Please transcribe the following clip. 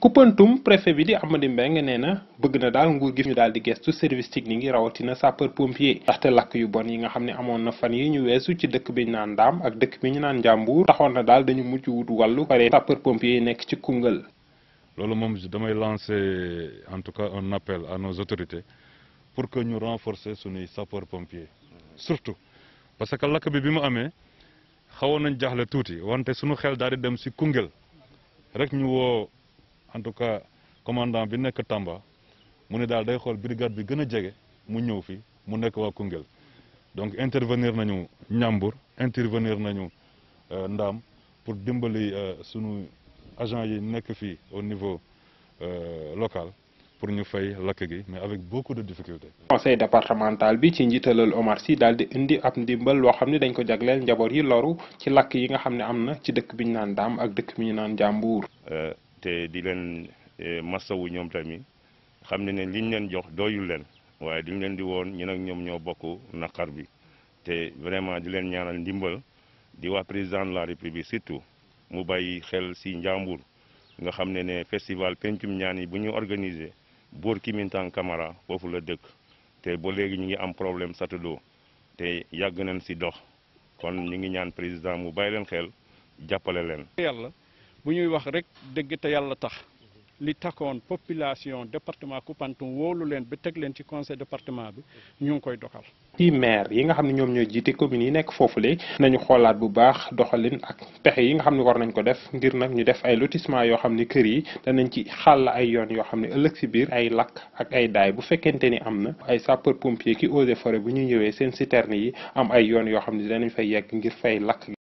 Koumpentoum préfet bi di Amady Mbengue nee na bëgg na daal nguur gi ñu daal di gestu service technique yi rawatina sapeur pompier ndaxte lakk yu bon yi nga xam ne amoon na fan yi ñu weesu ci dëkk bi ñu naan Ndaam ak dëkk bi ñu naan Njàmbur taxoon na daal dañu mujj wut wàllu pare sapeur pompier yi nekk ci Koungheul. loolu moom damay lancer en tout cas un appel à nos autorités pour que ñu renforcer suñuy sapeur pompier surtout parce que lakk bi bi mu amee xawoon nañ jaaxle tuuti wante suñu xel daal di dem si Koungheul en tout cas commandant bi nekk Tamba mu ne daal day xool brigade bi gën a jege mu ñëw fi mu nekk waa Koungheul donc intervenir nañu Ñambur intervenir nañu euh, Ndaam pour dimbali euh, sunu agent yi nekk fii au niveau euh, local pour ñu fay lakk gi mais avec beaucoup de difficultés. conseil départemental bi ci njiitalal Omar Sy daal di indi ab ndimbal loo xam ne dañ ko jagleel njaboot yi loru ci lakk yi nga xam ne am na ci dëkk bi ñu naan Ndaam ak dëkk bi ñu naan Njàmbur. te di leen eh, masawu ñoom tamit xam ne ne liñ leen jox doyul leen waaye diñ leen di woon ñun ak ñoom ñoo bokk naqar bi te vraiment di leen ñaanal ndimbal di waa président la la république surtout mu bàyyi xel si njàmbur nga xam ne ne festival pencum ñaan yi bu ñu organiser Bour Kimintang Kamara foofu la dëkk te ba léegi ñu ngi am problème satudo te yàgg nañ si dox kon ñu ngi ñaan président mu bàyyi leen xel jàppale leen yàlla bu ñuy wax rek dëgg te yàlla tax li takoon population département Koupantoum woolu leen ba teg leen ci conseil département bi ñu ngi koy doxal. ci maire yi nga xam ne ñoom ñooy jiite communes yi nekk foofu foofule nañu xoolaat bu baax doxalin ak pexe yi nga xam ne war nañ ko def ngir nag ñu def ay lotissement yoo xam ne kër yi danañ ci xàll ay yoon yoo xam ne ëllëg si biir ay lakk ak ay daay bu fekkente ni am na ay sapeur pompier ki eaux et bu ñuy ñëwee seen citerne yi am ay yoon yoo xam ne danañ fay yegg ngir fay lakk.